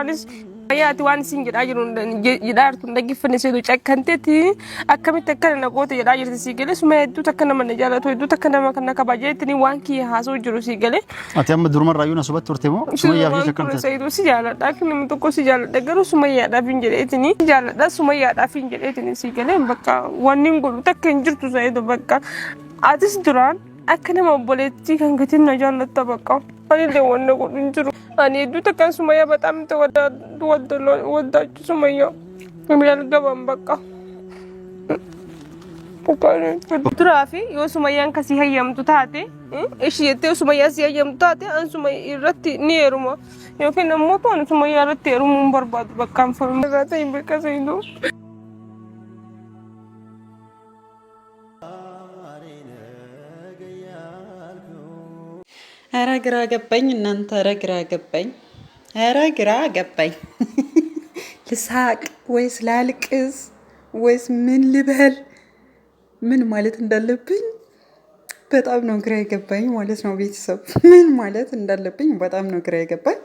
ሰራንስ ያት ዋን ሲን ጅዳ ጅሩ ጅዳርቱ እንደግፍን ሴቱ ጨከንቴት አከሚ ተከነ ነቆት ጅዳ ሲገለ ሱመ ሄዱ ተከነ መነ ጃለቶ ሄዱ ተከነ መከነ ከባጀት ኒ ዋን ኪ ሀሶ ጅሩ ሲገለ አቲ አመ ድሩመን ራዩ ነሱ በት ወርቴሞ ሱመ ያፊ ተከንቴ ሴቱ ሲጃለ ዳክን ምጥቆ ሲጃለ ደገሩ ሱመ ያዳ ፊን ጅለ እትኒ ዳ ሱመ ያዳ ፊን ጅለ ሲገለ በቃ ዋን ኒን ተከን ጅርቱ ሰይዶ በቃ አትስ ድራን akkanama obboleettii kan gatiin najaan lattabaqa anillee wanna godhin jiru ani hedduu takkan sumayyaa bataam waddaachu sumayyaa milaal gaban baqa duraa fi yoo sumayyaan kasii hayyamtu taate ishii jettee sumayyaa si hayyamtu taate an sumayyaa irratti ni heeruma yookiin ammoo toon sumayyaa irratti heerumuu hin barbaadu bakkaan fayyummaa irraa ta'in beekasiin duuba. ግራ ገባኝ። እናንተ ኧረ ግራ ገባኝ። ኧረ ግራ ገባኝ። ልሳቅ ወይስ ላልቅስ ወይስ ምን ልበል? ምን ማለት እንዳለብኝ በጣም ነው ግራ የገባኝ ማለት ነው። ቤተሰብ ምን ማለት እንዳለብኝ በጣም ነው ግራ የገባኝ።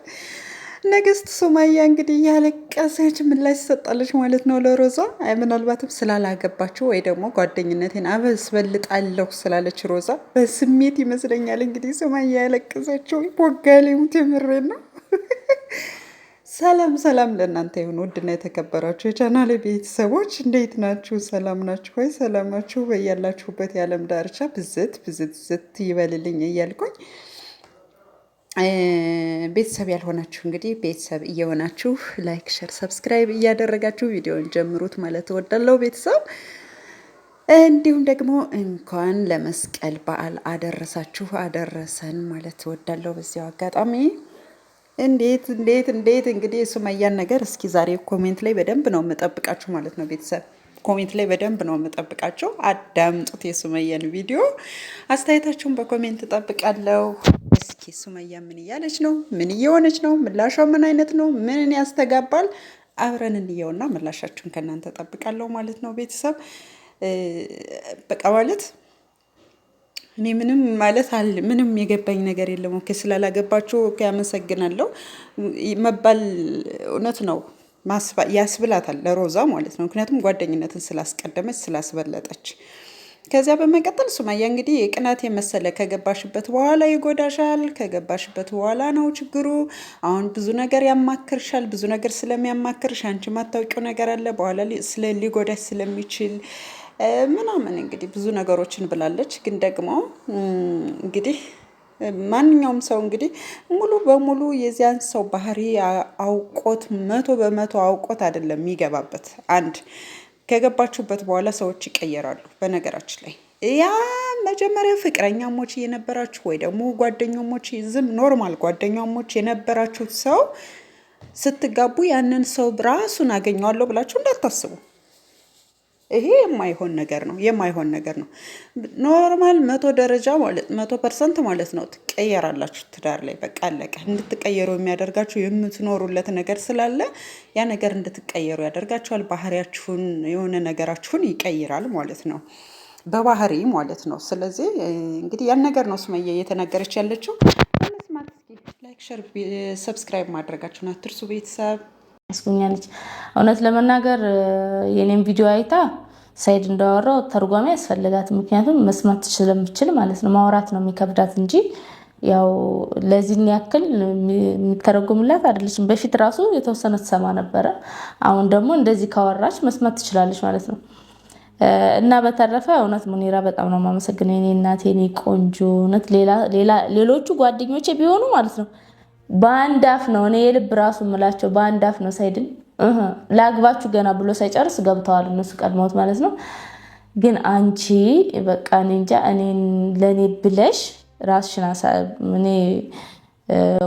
ንግስት ሱመያ እንግዲህ ያለቀሰች ምላሽ ሰጣለች ማለት ነው ለሮዛ። ምናልባትም ስላላገባችው ወይ ደግሞ ጓደኝነቴን አበስበልጣለሁ ስላለች ሮዛ በስሜት ይመስለኛል እንግዲህ ሱመያ ያለቀሰችው። ቦጋሌም ትምሬ ነው። ሰላም ሰላም ለእናንተ ይሁን ውድና የተከበራችሁ የቻናል ቤተሰቦች እንዴት ናችሁ? ሰላም ናችሁ ወይ? ሰላም ናችሁ በያላችሁበት የዓለም ዳርቻ ብዝት ብዝት ዝት ይበልልኝ እያልኩኝ ቤተሰብ ያልሆናችሁ እንግዲህ ቤተሰብ እየሆናችሁ ላይክ፣ ሸር፣ ሰብስክራይብ እያደረጋችሁ ቪዲዮን ጀምሩት ማለት እወዳለሁ ቤተሰብ። እንዲሁም ደግሞ እንኳን ለመስቀል በዓል አደረሳችሁ አደረሰን ማለት እወዳለሁ በዚያው አጋጣሚ። እንዴት እንዴት እንዴት እንግዲህ ሱመያን ነገር እስኪ ዛሬ ኮሜንት ላይ በደንብ ነው የምጠብቃችሁ ማለት ነው ቤተሰብ ኮሜንት ላይ በደንብ ነው የምጠብቃችሁ አዳምጡት የሱመያን ቪዲዮ አስተያየታችሁን በኮሜንት እጠብቃለሁ። ሱመያ ምን እያለች ነው? ምን እየሆነች ነው? ምላሿ ምን አይነት ነው? ምንን ያስተጋባል? አብረን እንየውና ምላሻችሁን ከእናንተ ጠብቃለሁ ማለት ነው። ቤተሰብ በቃ ማለት እኔ ምንም ማለት ምንም የገባኝ ነገር የለም። ኦኬ ስላላገባችሁ ያመሰግናለሁ መባል እውነት ነው ያስብላታል፣ ለሮዛ ማለት ነው። ምክንያቱም ጓደኝነትን ስላስቀደመች ስላስበለጠች ከዚያ በመቀጠል ሱመያ እንግዲህ ቅናት የመሰለ ከገባሽበት በኋላ ይጎዳሻል። ከገባሽበት በኋላ ነው ችግሩ። አሁን ብዙ ነገር ያማክርሻል። ብዙ ነገር ስለሚያማክርሽ አንቺ ማታውቂው ነገር አለ። በኋላ ሊጎዳሽ ስለሚችል ምናምን እንግዲህ ብዙ ነገሮችን ብላለች። ግን ደግሞ እንግዲህ ማንኛውም ሰው እንግዲህ ሙሉ በሙሉ የዚያን ሰው ባህሪ አውቆት መቶ በመቶ አውቆት አይደለም የሚገባበት አንድ ከገባችሁበት በኋላ ሰዎች ይቀየራሉ። በነገራችን ላይ ያ መጀመሪያ ፍቅረኛሞች የነበራችሁ ወይ ደግሞ ጓደኛሞች ዝም ኖርማል ጓደኛሞች የነበራችሁት ሰው ስትጋቡ ያንን ሰው ራሱን አገኘዋለሁ ብላችሁ እንዳታስቡ። ይሄ የማይሆን ነገር ነው፣ የማይሆን ነገር ነው። ኖርማል መቶ ደረጃ ማለት መቶ ፐርሰንት ማለት ነው ትቀየራላችሁ ትዳር ላይ በቃ አለቀ። እንድትቀየሩ የሚያደርጋችሁ የምትኖሩለት ነገር ስላለ ያ ነገር እንድትቀየሩ ያደርጋችኋል። ባህሪያችሁን የሆነ ነገራችሁን ይቀይራል ማለት ነው፣ በባህሪ ማለት ነው። ስለዚህ እንግዲህ ያን ነገር ነው ሱመያ እየተናገረች ያለችው። ላይክ ሸር፣ ሰብስክራይብ ማድረጋችሁን አትርሱ ቤተሰብ። ያስጎኛለች። እውነት ለመናገር የኔም ቪዲዮ አይታ ሳይድ እንዳወራው ተርጓሚ ያስፈልጋት፣ ምክንያቱም መስማት ስለምችል ማለት ነው። ማውራት ነው የሚከብዳት እንጂ ያው ለዚህን ያክል የሚተረጉምላት አይደለችም። በፊት ራሱ የተወሰነ ትሰማ ነበረ። አሁን ደግሞ እንደዚህ ካወራች መስማት ትችላለች ማለት ነው። እና በተረፈ እውነት ሙኒራ በጣም ነው የማመሰግነው የኔ እናቴ፣ የኔ ቆንጆ እውነት ሌሎቹ ጓደኞቼ ቢሆኑ ማለት ነው በአንድ አፍ ነው። እኔ የልብ ራሱ ምላቸው በአንድ አፍ ነው። ሳይድን ለአግባችሁ ገና ብሎ ሳይጨርስ ገብተዋል እነሱ ቀድመውት ማለት ነው። ግን አንቺ በቃ እኔ እንጃ እኔን ለእኔ ብለሽ ራስሽን እኔ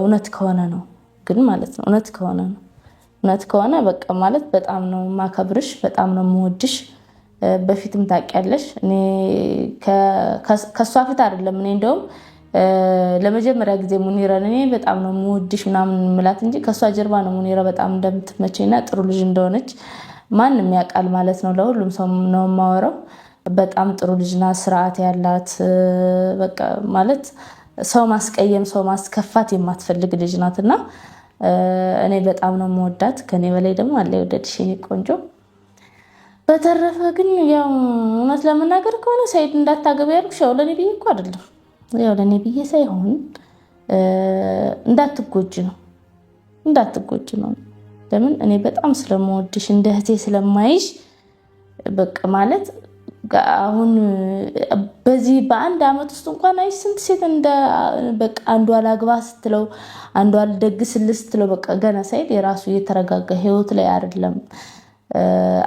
እውነት ከሆነ ነው ግን ማለት ነው እውነት ከሆነ ነው እውነት ከሆነ በቃ ማለት በጣም ነው ማከብርሽ፣ በጣም ነው መወድሽ በፊትም ታውቂያለሽ ከእሷ ፊት አይደለም እኔ እንደውም ለመጀመሪያ ጊዜ ሙኒራን እኔ በጣም ነው የምወድሽ ምናምን ምላት እንጂ ከእሷ ጀርባ ነው ሙኒራ በጣም እንደምትመቸኝና ጥሩ ልጅ እንደሆነች ማንም ያውቃል ማለት ነው። ለሁሉም ሰው ነው የማወራው። በጣም ጥሩ ልጅና ስርዓት ያላት በቃ ማለት ሰው ማስቀየም ሰው ማስከፋት የማትፈልግ ልጅ ናት እና እኔ በጣም ነው የምወዳት። ከኔ በላይ ደግሞ አለ የወደድሽ የኔ ቆንጆ። በተረፈ ግን ያው እውነት ለመናገር ከሆነ ሰይድ እንዳታገቢ ያልኩሽ ያው ለእኔ ብዬ እኮ አይደለም ያው ለእኔ ብዬ ሳይሆን እንዳትጎጅ ነው እንዳትጎጅ ነው። ለምን እኔ በጣም ስለምወድሽ እንደ እህቴ ስለማይሽ በቃ ማለት አሁን በዚህ በአንድ ዓመት ውስጥ እንኳን አይ ስንት ሴት በቃ አንዷ ላግባ ስትለው አንዷ ልደግስል ስትለው በቃ ገና ሳይል የራሱ እየተረጋጋ ህይወት ላይ አይደለም።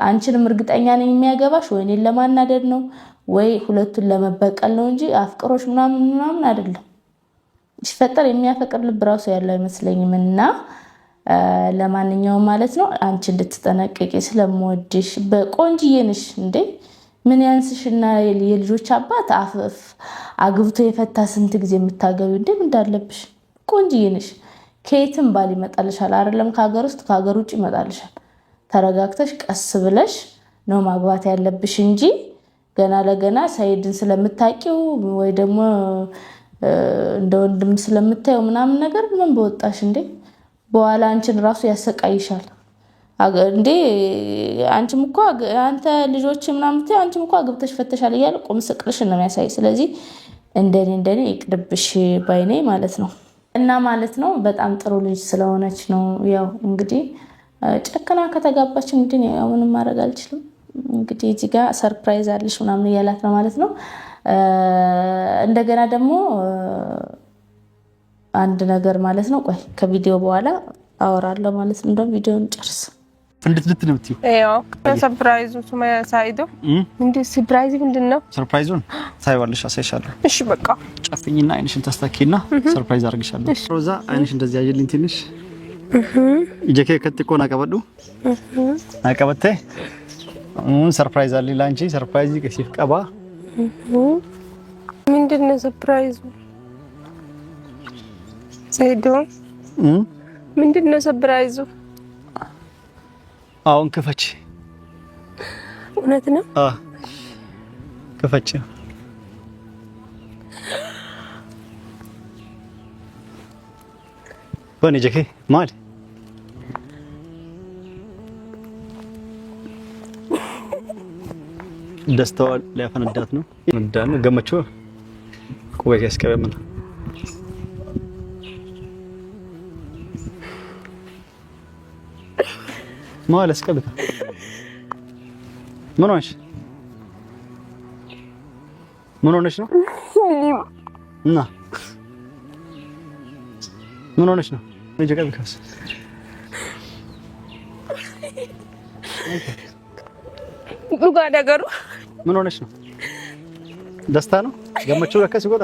አንቺንም እርግጠኛ ነኝ የሚያገባሽ ወይኔን ለማናደድ ነው ወይ ሁለቱን ለመበቀል ነው እንጂ አፍቅሮች ምናምን ምናምን አይደለም። ሲፈጠር የሚያፈቅር ልብ ራሱ ያለው አይመስለኝም። እና ለማንኛውም ማለት ነው አንቺ እንድትጠነቀቂ ስለምወድሽ። በቆንጅዬ ነሽ እንዴ ምን ያንስሽ እና የልጆች አባት አግብቶ የፈታ ስንት ጊዜ የምታገቢው እንዴ እንዳለብሽ። ቆንጅዬ ነሽ። ከየትም ባል ይመጣልሻል። አይደለም ከሀገር ውስጥ ከሀገር ውጭ ይመጣልሻል። ተረጋግተሽ ቀስ ብለሽ ነው ማግባት ያለብሽ እንጂ ገና ለገና ሳይድን ስለምታቂው ወይ ደግሞ እንደ ወንድም ስለምታየው ምናምን ነገር ምን በወጣሽ እንዴ? በኋላ አንቺን ራሱ ያሰቃይሻል እንዴ። አንቺም እኮ አንተ ልጆች ምናምን አንቺም እኮ አግብተሽ ፈተሻል እያለ ቁም ስቅልሽ ነው የሚያሳይ። ስለዚህ እንደኔ እንደኔ ይቅድብሽ ባይኔ ማለት ነው። እና ማለት ነው በጣም ጥሩ ልጅ ስለሆነች ነው ያው እንግዲህ ጨክና ከተጋባች እንግዲህ ምንም ማድረግ አልችልም። እንግዲህ እዚህ ጋር ሰርፕራይዝ አለሽ ምናምን እያላት ነው ማለት ነው። እንደገና ደግሞ አንድ ነገር ማለት ነው። ቆይ ከቪዲዮ በኋላ አወራለሁ ማለት ነው። እንደውም ቪዲዮን ጨርስ እንድት ልት ነው ብትዩ ሰርፕራይዙ ሱማያ ሳይዶ እንዴ ሰርፕራይዝ ምንድን ነው? ሰርፕራይዙን ሳይዋልሽ አሳይሻለሁ። እሺ በቃ ጨፍኝና አይንሽን ተስተካኪና ሰርፕራይዝ አርግሻለሁ። ሮዛ አይንሽ እንደዚህ አየልኝ ትንሽ እጄ ከትቆና ቀበዱ አቀበቴ አሁን ሰርፕራይዝ አለኝ ላንቺ። ሰርፕራይዝ ከሲፍ ቀባ ምንድን ነው ሰርፕራይዙ? ሴዶ ምንድን ነው ሰርፕራይዙ? አሁን ክፈች። እውነት ነው? አዎ ክፈች። በኔ ጀኬ ማል ደስታዋ ሊያፈነዳት ነው። ነው እንዳን ገመቾ ያስቀበም ነው። ማለስ ቀብታ ምን ሆነሽ? ምን ሆነሽ ነው? እና ምን ሆነሽ ነው? እንጂ ቀብካስ ሉጋ ነገሩ ምን ሆነሽ ነው? ደስታ ነው ገመቹ ለካ ሲጎዳ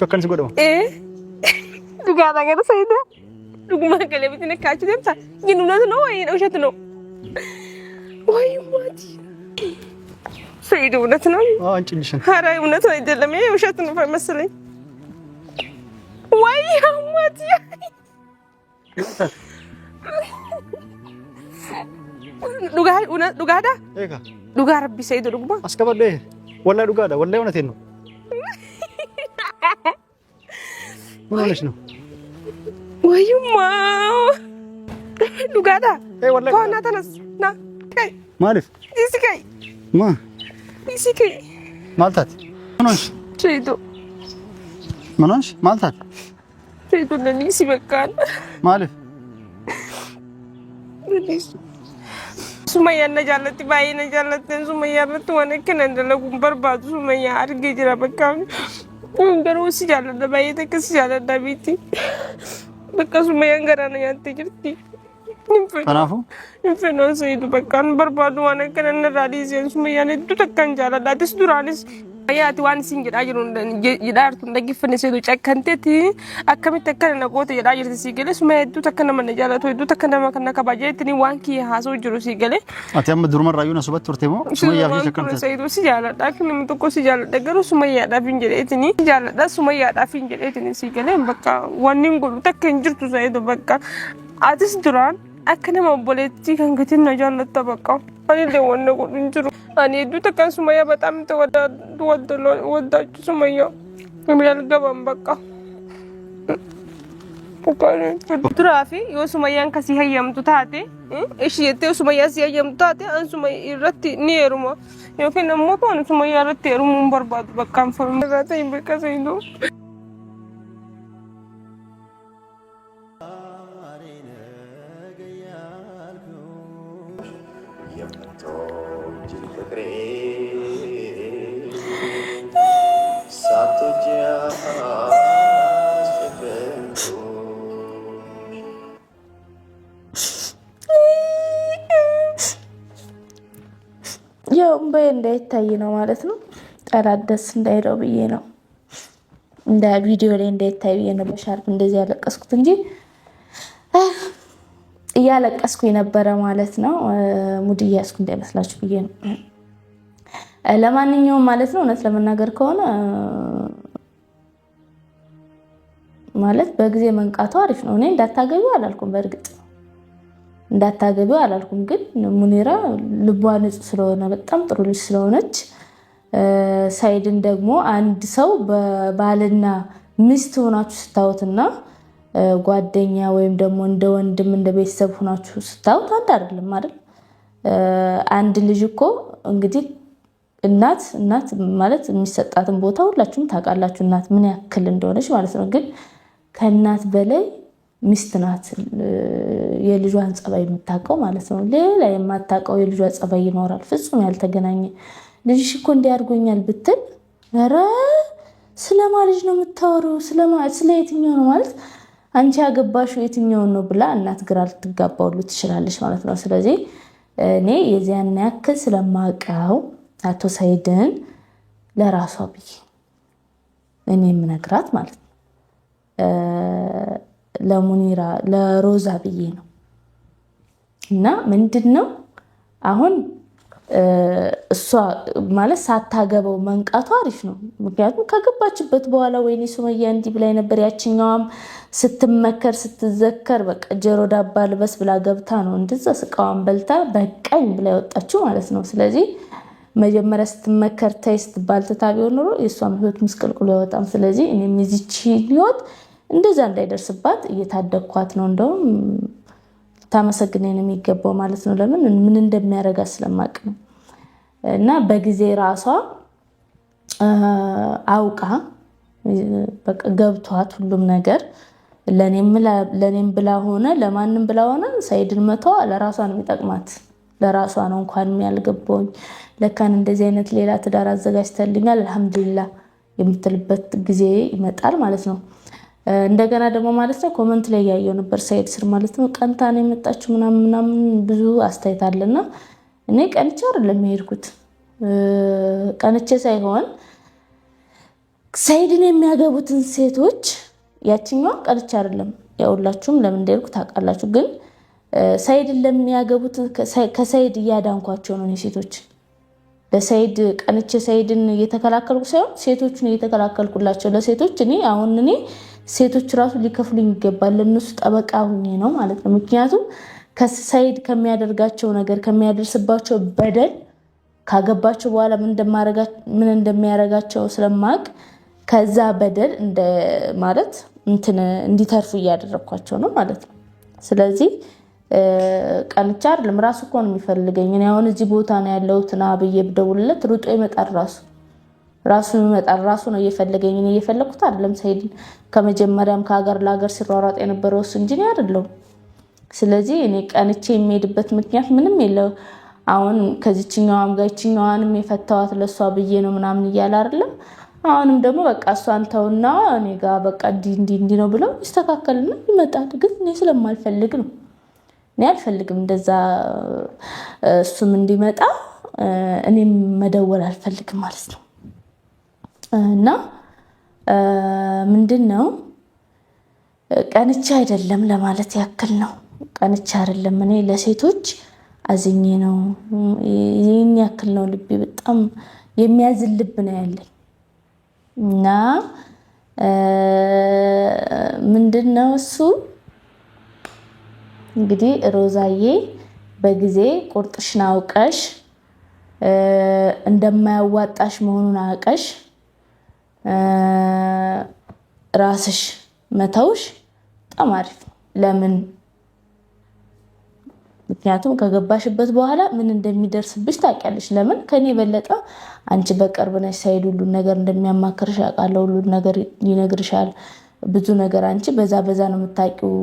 ቾከን ሲጎዳ እ ዱጋ ነገር ሳይደ ዱጉማ ከለብት ነካች ደምታ ግን እውነት ነው ወይ ውሸት ነው ወይ ማቲ ሰይድ እውነት ነው? አንቺ አንጭልሽ። ኧረ እውነት አይደለም፣ ይሄ ውሸት ነው መሰለኝ። ወይ ማቲ dhugaa una dhugaadha? Eega. Dhugaa Rabbi isa idu dhuguma. As qabadhee. Wallahi dhugaadha. Wallahi unateen nu. Unaalesh nu. Wayyummaa. Dhugaadha? Ee wallahi. Koo naa tanas naa ka'e. Maaliif? Isi ka'e. Ma. Isi ka'e. Maal taate? Manoosh. Sheedo. Manoosh maal taate? Sheedo nani si bakkaan. Maaliif? Nani si. Sumaiya न जालत भाई न जालत सुमैया में तुमने तो के नंदला गुंबर बात सुमैया हर गिजरा काम बका गुंबर उस जालत भाई तो किस जालत भी थी बका सुमैया घर नहीं आती करती कनाफो इन्फेनो सही तो बका बर्बाद हुआ न के नंदला राली से सुमैया ने तो टक्कन जाला दादिस दुरानिस Ayyaati waan isin jedhaa jiru jedhaa jirtu dhaggeeffanne seetu cakkanteeti akkamitti akka naqoota jedhaa jirti sii galee suma hedduutu akka nama na jaallatu hedduutu akka nama kana kabaa jeettini waan kiyya haasa'u jiru si galee. Ati amma duruma irraa yuuna subatti turte moo? Sumayyaa fi cakkamte. Seetu si jaalladha akka nama tokko si jaalladha garuu sumayyaadhaaf hin jedheetini jaalladha sumayyaadhaaf hin jedheetini sii galee bakka wanni hin godhu takka hin jirtu seetu bakka atis duraan akkanama obboleettii kan kitinna jaallattabaqa anillee wanna godhin jiru ani hedduu takkaan sumayyaa bataamte waddaachu sumayyaa gamilaal gaban baqa duraa fi yoo sumayyaan kasii hayyamtu taate ishii jettee sumayyaa si hayyamtu taate an sumayyaa irratti ni heeruma yookiin ammoo tuan sumayyaa irratti heerumuu barbaadu bakkaan fayyummaa irraa ta'in beekkaseetu ወንበዴ እንዳይታይ ነው ማለት ነው። ጠላት ደስ እንዳይለው ብዬ ነው እንደ ቪዲዮ ላይ እንዳይታይ ብዬ ነው በሻርፕ እንደዚህ ያለቀስኩት እንጂ እያለቀስኩ የነበረ ማለት ነው። ሙድ እያያዝኩ እንዳይመስላችሁ ብዬ ነው። ለማንኛውም ማለት ነው እውነት ለመናገር ከሆነ ማለት በጊዜ መንቃቱ አሪፍ ነው። እኔ እንዳታገኙ አላልኩም በእርግጥ እንዳታገቢው አላልኩም፣ ግን ሙኒራ ልቧ ንጹህ ስለሆነ በጣም ጥሩ ልጅ ስለሆነች ሳይድን ደግሞ አንድ ሰው በባልና ሚስት ሆናችሁ ስታዩትና ጓደኛ ወይም ደግሞ እንደ ወንድም እንደ ቤተሰብ ሆናችሁ ስታዩት አንድ አይደለም አይደል? አንድ ልጅ እኮ እንግዲህ እናት እናት ማለት የሚሰጣትን ቦታ ሁላችሁም ታውቃላችሁ፣ እናት ምን ያክል እንደሆነች ማለት ነው። ግን ከእናት በላይ ሚስት ናት የልጇን ጸባይ የምታውቀው ማለት ነው። ሌላ የማታውቀው የልጇ ጸባይ ይኖራል። ፍጹም ያልተገናኘ ልጅሽ እኮ እንዲያድርጎኛል ብትል ኧረ ስለማ ልጅ ነው የምታወሪው? ስለ የትኛው ነው ማለት አንቺ ያገባሽው የትኛውን ነው ብላ እናት ግራ ልትጋባ ሁሉ ትችላለች ማለት ነው። ስለዚህ እኔ የዚያን ያክል ስለማውቀው አቶ ሳይድን ለራሷ ብዬ እኔ የምነግራት ማለት ነው ለሙኒራ ለሮዛ ብዬ ነው። እና ምንድን ነው አሁን እሷ ማለት ሳታገባው መንቃቱ አሪፍ ነው። ምክንያቱም ከገባችበት በኋላ ወይኔ ሱመያ እንዲህ ብላኝ ነበር ያችኛዋም ስትመከር ስትዘከር በቃ ጀሮ ዳባ ልበስ ብላ ገብታ ነው እንደዛ ስቃዋን በልታ በቀኝ ብላ ያወጣችው ማለት ነው። ስለዚህ መጀመሪያ ስትመከር ተይ ስትባል ትታ ቢሆን ኖሮ የእሷም ህይወት ምስቅልቅሉ አይወጣም። ስለዚህ እኔም የዚች ህይወት እንደዛ እንዳይደርስባት እየታደግኳት ነው። እንደውም ታመሰግነኝ የሚገባው ማለት ነው። ለምን ምን እንደሚያደርጋት ስለማቅ ነው። እና በጊዜ ራሷ አውቃ በቃ ገብቷት ሁሉም ነገር ለእኔም ብላ ሆነ ለማንም ብላ ሆነ ሳይድን መተዋ ለራሷ ነው የሚጠቅማት። ለራሷ ነው እንኳን ያልገባኝ ለካን እንደዚህ አይነት ሌላ ትዳር አዘጋጅተልኛል አልሐምዱሊላ የምትልበት ጊዜ ይመጣል ማለት ነው። እንደገና ደግሞ ማለት ነው ኮመንት ላይ ያየው ነበር ሳይድ ስር ማለት ነው ቀንታ ነው የመጣችው ምናምን ምናምን ብዙ አስተያየት አለና እኔ ቀንቼ አይደለም የሄድኩት። ቀንቼ ሳይሆን ሳይድን የሚያገቡትን ሴቶች ያችኛዋን ቀንቼ አይደለም። ያውላችሁም ለምን እንደሄድኩ ታውቃላችሁ። ግን ሳይድን ለሚያገቡት ከሳይድ እያዳንኳቸው ነው ሴቶች በሰይድ ቀንቼ ሳይድን እየተከላከልኩ ሳይሆን ሴቶቹን እየተከላከልኩላቸው ለሴቶች እኔ አሁን እኔ ሴቶች ራሱ ሊከፍሉኝ ይገባል። ለእነሱ ጠበቃ ሁኜ ነው ማለት ነው። ምክንያቱም ከሳይድ ከሚያደርጋቸው ነገር ከሚያደርስባቸው በደል ካገባቸው በኋላ ምን እንደሚያደርጋቸው ስለማቅ ከዛ በደል ማለት እንዲተርፉ እያደረግኳቸው ነው ማለት ነው። ስለዚህ ቀንቻ አይደለም ራሱ እኮ ነው የሚፈልገኝ። እኔ አሁን እዚህ ቦታ ነው ያለሁት ና ብዬ ብደውልለት ሩጦ ይመጣል ራሱ ራሱ ይመጣል። ራሱ ነው እየፈለገኝ እኔ እየፈለግኩት አይደለም። ሰኢድን ከመጀመሪያም ከሀገር ለሀገር ሲሯሯጥ የነበረው እሱ እንጂ እኔ አይደለሁም። ስለዚህ እኔ ቀንቼ የሚሄድበት ምክንያት ምንም የለው። አሁን ከዚችኛዋም ጋር ይችኛዋንም የፈታዋት ለእሷ ብዬ ነው ምናምን እያለ አይደለም። አሁንም ደግሞ በቃ እሷን ተውና እኔ ጋር በቃ እንዲህ እንዲህ እንዲህ ነው ብለው ይስተካከልና ይመጣል። ግን እኔ ስለማልፈልግ ነው። እኔ አልፈልግም እንደዛ እሱም እንዲመጣ እኔም መደወል አልፈልግም ማለት ነው። እና ምንድን ነው ቀንቻ አይደለም ለማለት ያክል ነው። ቀንቻ አይደለም እኔ ለሴቶች አዝኜ ነው። ይህን ያክል ነው ልቤ በጣም የሚያዝን ልብ ነው ያለኝ እና ምንድን ነው እሱ እንግዲህ ሮዛዬ በጊዜ ቁርጥሽን አውቀሽ እንደማያዋጣሽ መሆኑን አውቀሽ ራስሽ መተውሽ በጣም አሪፍ ነው። ለምን? ምክንያቱም ከገባሽበት በኋላ ምን እንደሚደርስብሽ ታውቂያለሽ። ለምን? ከኔ የበለጠ አንቺ በቅርብ ነሽ። ሳይድ ሁሉን ነገር እንደሚያማክርሽ አውቃለሁ። ሁሉን ነገር ይነግርሻል። ብዙ ነገር አንቺ በዛ በዛ ነው የምታውቂው።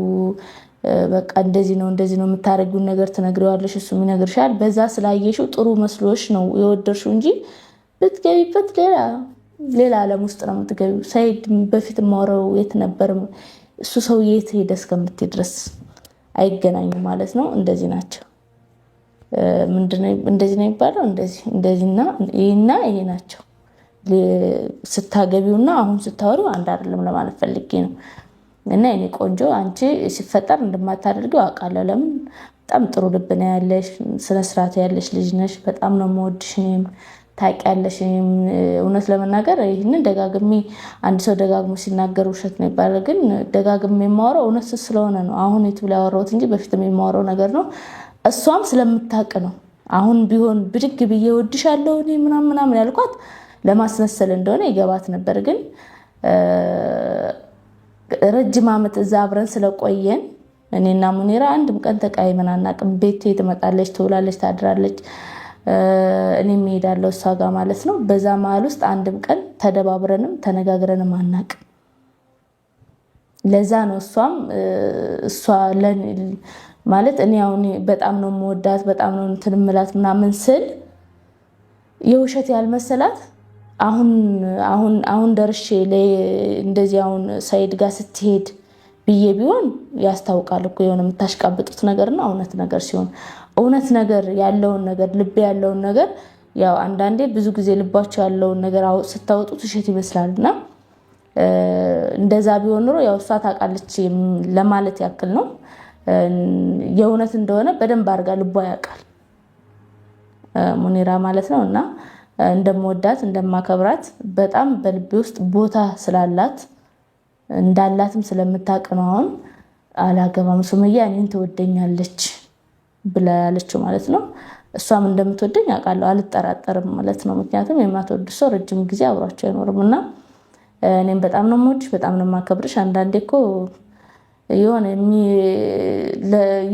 በቃ እንደዚህ ነው እንደዚህ ነው የምታደርጊውን ነገር ትነግሪዋለሽ፣ እሱም ይነግርሻል። በዛ ስላየሽው ጥሩ መስሎሽ ነው የወደድሽው እንጂ ብትገቢበት ሌላ ሌላ ዓለም ውስጥ ነው የምትገቢው። ሳይድ በፊት የማወራው የት ነበር እሱ ሰው የት ሄደ እስከምትይ ድረስ አይገናኙ ማለት ነው። እንደዚህ ናቸው። እንደዚህ ነው የሚባለው። እንደዚህና ይህና ይሄ ናቸው። ስታገቢውና አሁን ስታወሪው አንድ አይደለም ለማለት ፈልጌ ነው። እና የኔ ቆንጆ አንቺ ሲፈጠር እንደማታደርጊው አውቃለሁ። ለምን በጣም ጥሩ ልብ ነው ያለሽ፣ ስነስርዓት ያለሽ ልጅ ነሽ። በጣም ነው የምወድሽ እኔም ታውቂያለሽ። እውነት ለመናገር ይህንን ደጋግሜ አንድ ሰው ደጋግሞ ሲናገር ውሸት ነው ይባላል። ግን ደጋግሜ የማወራው እውነት ስለሆነ ነው። አሁን ዩቱብ ላይ ያወራሁት እንጂ በፊትም የማወራው ነገር ነው። እሷም ስለምታውቅ ነው። አሁን ቢሆን ብድግ ብዬ ወድሻለሁ እኔ ምናምን ምናምን ያልኳት ለማስመሰል እንደሆነ ይገባት ነበር። ግን ረጅም ዓመት እዛ አብረን ስለቆየን እኔና ሙኒራ አንድም ቀን ተቃይመን አናውቅም። ቤቴ ትመጣለች፣ ትውላለች፣ ታድራለች እኔ እሄዳለሁ እሷ ጋር ማለት ነው። በዛ መሀል ውስጥ አንድም ቀን ተደባብረንም ተነጋግረንም አናቅ ለዛ ነው እሷም እሷ ማለት እኔ አሁን በጣም ነው የምወዳት በጣም ነው እንትን የምላት ምናምን ስል የውሸት ያልመሰላት አሁን አሁን ደርሼ እንደዚህ አሁን ሰኢድ ጋር ስትሄድ ብዬ ቢሆን ያስታውቃል እኮ የሆነ የምታሽቃብጡት ነገር ነው እውነት ነገር ሲሆን እውነት ነገር ያለውን ነገር ልብ ያለውን ነገር ያው አንዳንዴ ብዙ ጊዜ ልባቸው ያለውን ነገር ስታወጡት ውሸት ይመስላል እና እንደዛ ቢሆን ኑሮ ያው እሷ ታውቃለች ለማለት ያክል ነው። የእውነት እንደሆነ በደንብ አድርጋ ልቧ ያውቃል ሙኒራ ማለት ነው እና እንደምወዳት እንደማከብራት በጣም በልቤ ውስጥ ቦታ ስላላት እንዳላትም ስለምታውቅ ነው አሁን አላገባም ሱመያ እኔን ትወደኛለች ብላ ያለችው ማለት ነው። እሷም እንደምትወደኝ አውቃለሁ አልጠራጠርም ማለት ነው። ምክንያቱም የማትወድ ሰው ረጅም ጊዜ አብሯቸው አይኖርም እና እኔም በጣም ነው የምወድሽ፣ በጣም ነው የማከብርሽ። አንዳንዴ እኮ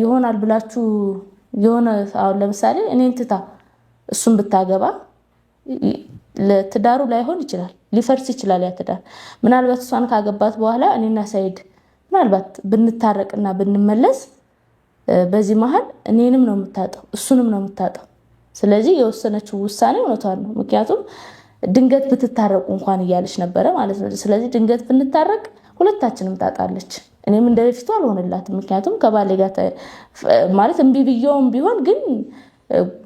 ይሆናል ብላችሁ የሆነ አሁን ለምሳሌ እኔን ትታ እሱን ብታገባ ለትዳሩ ላይሆን ይችላል፣ ሊፈርስ ይችላል ያ ትዳር። ምናልባት እሷን ካገባት በኋላ እኔና ሳይድ ምናልባት ብንታረቅና ብንመለስ በዚህ መሀል እኔንም ነው የምታጣው፣ እሱንም ነው የምታጣው። ስለዚህ የወሰነችው ውሳኔ እውነቷን ነው። ምክንያቱም ድንገት ብትታረቁ እንኳን እያለች ነበረ ማለት ነው። ስለዚህ ድንገት ብንታረቅ ሁለታችንም ታጣለች። እኔም እንደበፊቱ አልሆንላትም። ምክንያቱም ከባሌ ጋር ማለት እምቢ ብየውም ቢሆን ግን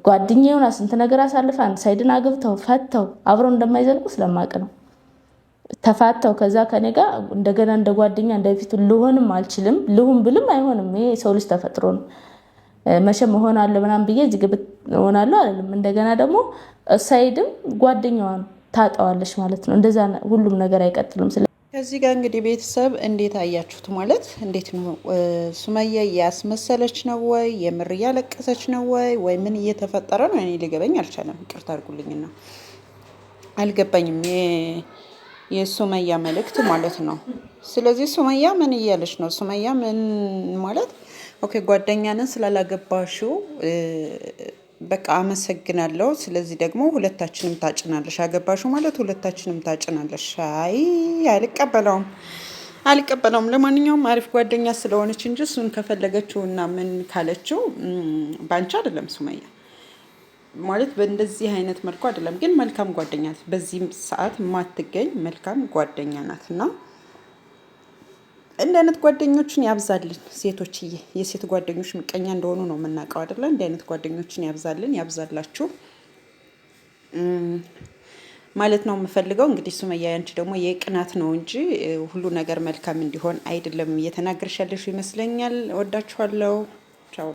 ጓደኛ የሆና ስንት ነገር አሳልፋን ሳይድን አግብተው ፈተው አብረው እንደማይዘልቁ ስለማቅ ነው። ተፋተው ከዛ ከኔ ጋር እንደገና እንደ ጓደኛ እንደፊቱ ልሆንም አልችልም። ልሁን ብልም አይሆንም። ይሄ ሰው ልጅ ተፈጥሮ ነው። መቼም እሆናለሁ ምናምን ብዬ እዚህ ግብት እሆናለሁ አይደለም። እንደገና ደግሞ ሳይድም ጓደኛዋን ታጠዋለች ማለት ነው። እንደዛ ሁሉም ነገር አይቀጥልም። ከዚህ ጋር እንግዲህ ቤተሰብ እንዴት አያችሁት? ማለት እንዴት ነው ሱመያ እያስመሰለች ነው ወይ የምር እያለቀሰች ነው ወይ ወይ ምን እየተፈጠረ ነው? እኔ ሊገባኝ አልቻለም። ይቅርታ አድርጉልኝና አልገባኝም። የሱመያ መልእክት ማለት ነው። ስለዚህ ሱመያ ምን እያለች ነው? ሱመያ ምን ማለት ኦኬ፣ ጓደኛንን ስላላገባሽው በቃ አመሰግናለሁ። ስለዚህ ደግሞ ሁለታችንም ታጭናለሽ። አገባሹ ማለት ሁለታችንም ታጭናለሽ። አይ አልቀበለውም፣ አልቀበለውም። ለማንኛውም አሪፍ ጓደኛ ስለሆነች እንጂ እሱን ከፈለገችው እና ምን ካለችው በአንቺ አይደለም ሱመያ ማለት በእንደዚህ አይነት መልኩ አይደለም፣ ግን መልካም ጓደኛ ናት። በዚህ ሰዓት የማትገኝ መልካም ጓደኛ ናት እና እንዲህ አይነት ጓደኞችን ያብዛልን። ሴቶችዬ የሴት ጓደኞች ምቀኛ እንደሆኑ ነው የምናውቀው አይደለ? እንደ አይነት ጓደኞችን ያብዛልን፣ ያብዛላችሁ ማለት ነው የምፈልገው። እንግዲህ ሱመያ አንቺ ደግሞ የቅናት ነው እንጂ ሁሉ ነገር መልካም እንዲሆን አይደለም እየተናገርሽ ያለሽ ይመስለኛል። ወዳችኋለሁ። ቻው።